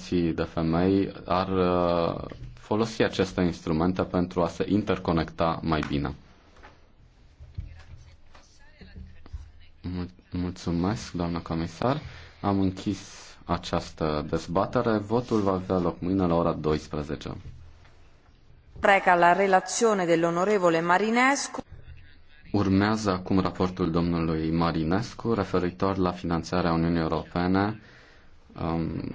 organizații de femei ar uh, folosi aceste instrumente pentru a se interconecta mai bine. Mulțumesc, doamnă comisar. Am închis această dezbatere. Votul va avea loc mâine la ora 12. Preca la de l'onorevole Marinescu. Urmează acum raportul domnului Marinescu referitor la finanțarea Uniunii Europene um,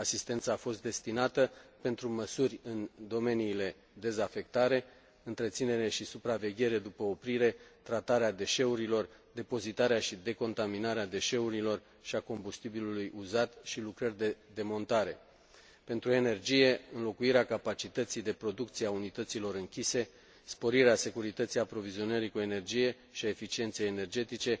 asistena a fost destinată pentru măsuri în domeniile dezafectare întreinere i supraveghere după oprire tratarea deeurilor depozitarea i decontaminarea deeurilor i a combustibilului uzat i lucrări de demontare. pentru energie înlocuirea capacităii de producie a unităilor închise sporirea securităii aprovizionării cu energie i a eficienei energetice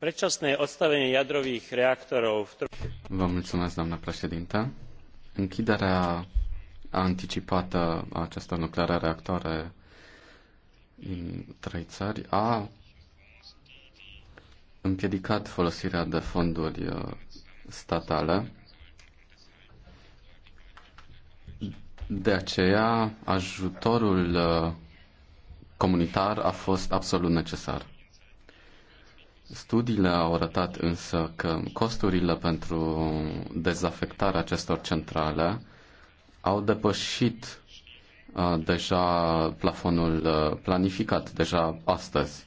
predčasné odstavenie jadrových reaktorov v Vă mulțumesc, doamnă președintă. Închiderea anticipată a acestor nucleare reactoare în trei țări a împiedicat folosirea de fonduri uh, statale. De aceea, ajutorul uh, comunitar a fost absolut necesar. Studiile au arătat însă că costurile pentru dezafectarea acestor centrale au depășit uh, deja plafonul uh, planificat, deja astăzi.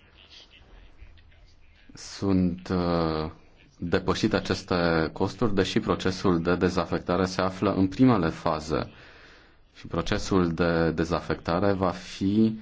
Sunt uh, depășite aceste costuri, deși procesul de dezafectare se află în primele faze și procesul de dezafectare va fi uh,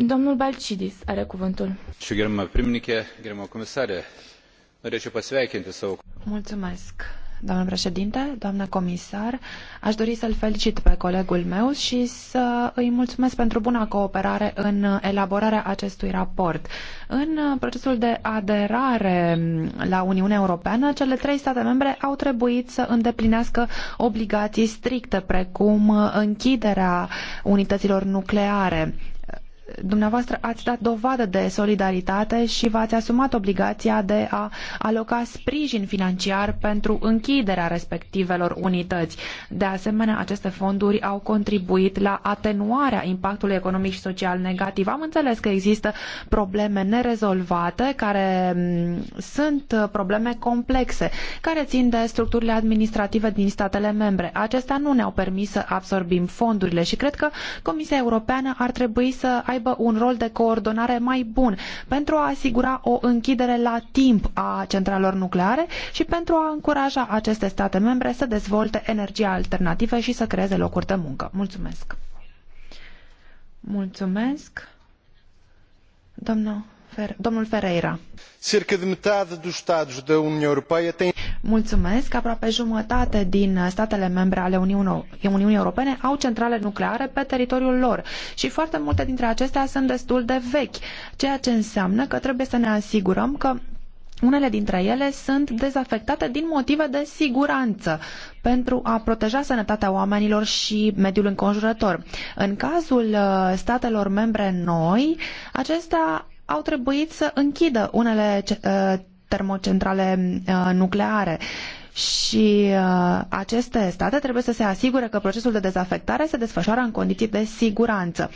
Domnul Balcidis are cuvântul. norėčiau pasveikinti savo... Mulțumesc. Doamnă președinte, doamnă comisar, aș dori să-l felicit pe colegul meu și să îi mulțumesc pentru buna cooperare în elaborarea acestui raport. În procesul de aderare la Uniunea Europeană, cele trei state membre au trebuit să îndeplinească obligații stricte, precum închiderea unităților nucleare dumneavoastră ați dat dovadă de solidaritate și v-ați asumat obligația de a aloca sprijin financiar pentru închiderea respectivelor unități. De asemenea, aceste fonduri au contribuit la atenuarea impactului economic și social negativ. Am înțeles că există probleme nerezolvate, care mm, sunt probleme complexe, care țin de structurile administrative din statele membre. Acestea nu ne-au permis să absorbim fondurile și cred că Comisia Europeană ar trebui să aibă aibă un rol de coordonare mai bun pentru a asigura o închidere la timp a centralelor nucleare și pentru a încuraja aceste state membre să dezvolte energie alternativă și să creeze locuri de muncă. Mulțumesc! Mulțumesc! Domnul, Domnul Ferreira. Cerca de metade dos Estados da União Europeia tem Mulțumesc. Aproape jumătate din statele membre ale Uniunii Europene au centrale nucleare pe teritoriul lor și foarte multe dintre acestea sunt destul de vechi, ceea ce înseamnă că trebuie să ne asigurăm că unele dintre ele sunt dezafectate din motive de siguranță pentru a proteja sănătatea oamenilor și mediul înconjurător. În cazul uh, statelor membre noi, acestea au trebuit să închidă unele uh, termocentrale uh, nucleare și uh, aceste state trebuie să se asigure că procesul de dezafectare se desfășoară în condiții de siguranță.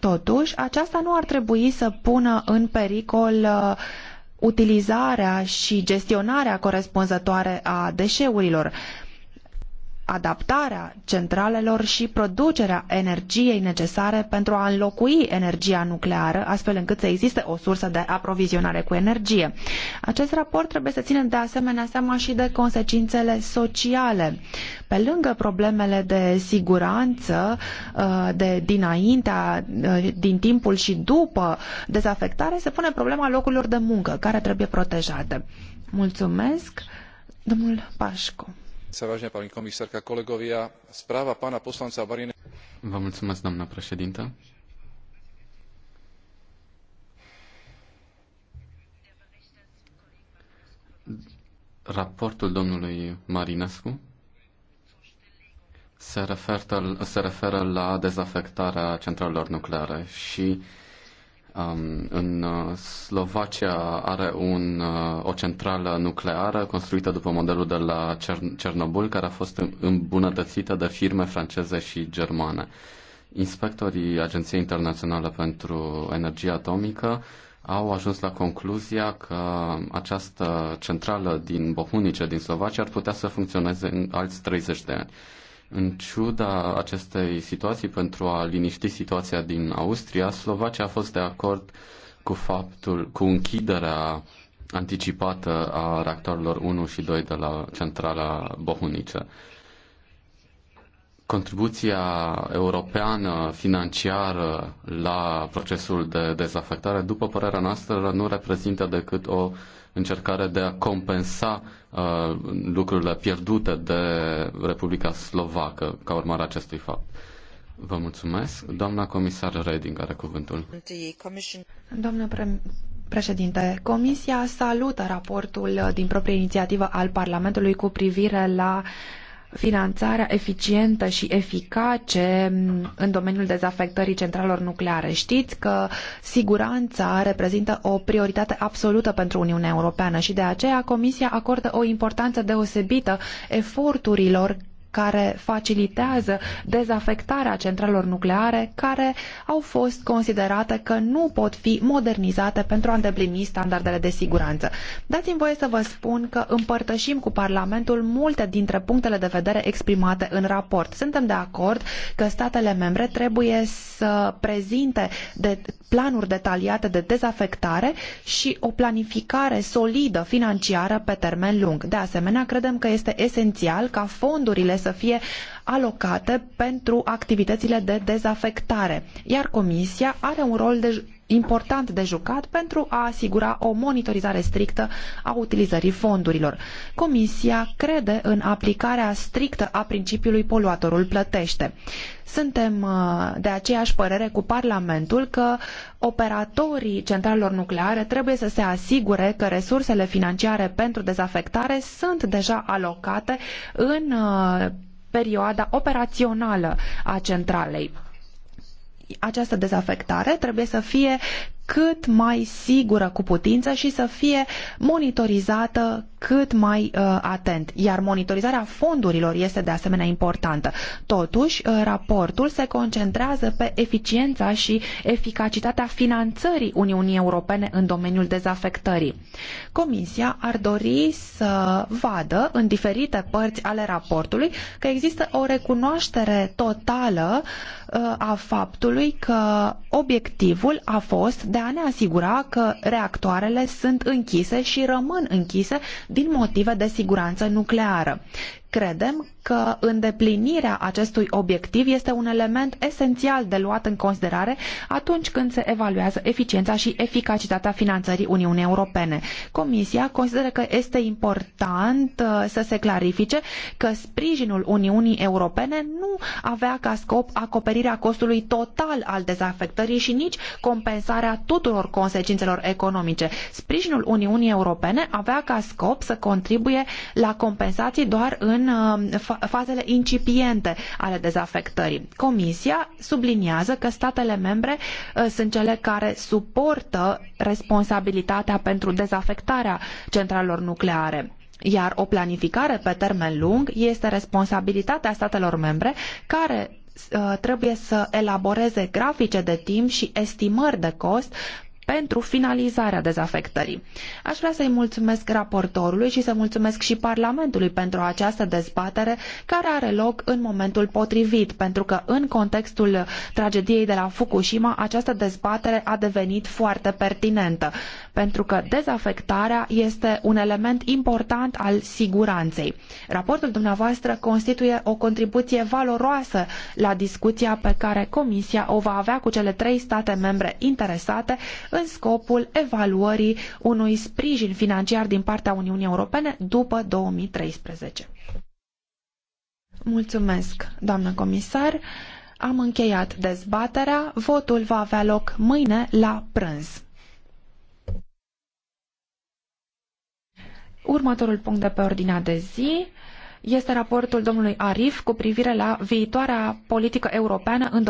Totuși, aceasta nu ar trebui să pună în pericol uh, utilizarea și gestionarea corespunzătoare a deșeurilor. Uh, adaptarea centralelor și producerea energiei necesare pentru a înlocui energia nucleară, astfel încât să existe o sursă de aprovizionare cu energie. Acest raport trebuie să țină de asemenea seama și de consecințele sociale. Pe lângă problemele de siguranță uh, de dinaintea, uh, din timpul și după dezafectare, se pune problema locurilor de muncă care trebuie protejate. Mulțumesc, domnul Pașcu správa pána poslanca marinescu Raportul domnului Marinescu se referă, la dezafectarea centralelor nucleare și Um, în uh, Slovacia are un, uh, o centrală nucleară construită după modelul de la Cernobul, care a fost îmbunătățită de firme franceze și germane. Inspectorii Agenției Internaționale pentru Energie Atomică au ajuns la concluzia că această centrală din Bohunice, din Slovacia, ar putea să funcționeze în alți 30 de ani. În ciuda acestei situații, pentru a liniști situația din Austria, Slovacia a fost de acord cu faptul, cu închiderea anticipată a reactorilor 1 și 2 de la centrala Bohunice. Contribuția europeană financiară la procesul de dezafectare, după părerea noastră, nu reprezintă decât o uh, încercare de a compensa uh, lucrurile pierdute de Republica Slovacă ca urmare a acestui fapt. Vă mulțumesc. Doamna comisar Reding are cuvântul. Doamna pre- președinte, Comisia salută raportul din proprie inițiativă al Parlamentului cu privire la uh, finanțarea eficientă și eficace mm, în domeniul dezafectării centralelor nucleare. Știți că siguranța reprezintă o prioritate absolută pentru Uniunea Europeană și de aceea Comisia acordă o importanță deosebită eforturilor care facilitează dezafectarea centralelor nucleare care au fost considerate că nu pot fi modernizate pentru a îndeplini standardele de siguranță. Dați-mi voie să vă spun că împărtășim cu Parlamentul multe dintre punctele de vedere exprimate în raport. Suntem de acord că statele membre trebuie să prezinte de planuri detaliate de dezafectare și o planificare solidă financiară pe termen lung. De asemenea, credem că este esențial ca fondurile să fie alocate pentru activitățile de dezafectare, iar Comisia are un rol de important de jucat pentru a asigura o monitorizare strictă a utilizării fondurilor. Comisia crede în aplicarea strictă a principiului poluatorul plătește. Suntem uh, de aceeași părere cu Parlamentul că operatorii centralelor nucleare trebuie să se asigure că resursele financiare pentru dezafectare sunt deja alocate în uh, perioada operațională a centralei această dezafectare trebuie să fie cât mai sigură cu putință și să fie monitorizată cât mai uh, atent. Iar monitorizarea fondurilor este de asemenea importantă. Totuși, uh, raportul se concentrează pe eficiența și eficacitatea finanțării Uniunii Europene în domeniul dezafectării. Comisia ar dori să vadă în diferite părți ale raportului că există o recunoaștere totală uh, a faptului că obiectivul a fost de de a ne asigura că reactoarele sunt închise și rămân închise din motive de siguranță nucleară. Credem că îndeplinirea acestui obiectiv este un element esențial de luat în considerare atunci când se evaluează eficiența și eficacitatea finanțării Uniunii Europene. Comisia consideră că este important uh, să se clarifice că sprijinul Uniunii Europene nu avea ca scop acoperirea costului total al dezafectării și nici compensarea tuturor consecințelor economice. Sprijinul Uniunii Europene avea ca scop să contribuie la compensații doar în în uh, fazele incipiente ale dezafectării. Comisia subliniază că statele membre uh, sunt cele care suportă responsabilitatea pentru dezafectarea centralelor nucleare iar o planificare pe termen lung este responsabilitatea statelor membre care uh, trebuie să elaboreze grafice de timp și estimări de cost pentru finalizarea dezafectării. Aș vrea să-i mulțumesc raportorului și să mulțumesc și Parlamentului pentru această dezbatere care are loc în momentul potrivit, pentru că în contextul tragediei de la Fukushima această dezbatere a devenit foarte pertinentă pentru că dezafectarea este un element important al siguranței. Raportul dumneavoastră constituie o contribuție valoroasă la discuția pe care Comisia o va avea cu cele trei state membre interesate în scopul evaluării unui sprijin financiar din partea Uniunii Europene după 2013. Mulțumesc, doamnă comisar. Am încheiat dezbaterea. Votul va avea loc mâine la prânz. Următorul punct de pe ordinea de zi este raportul domnului Arif cu privire la viitoarea politică europeană în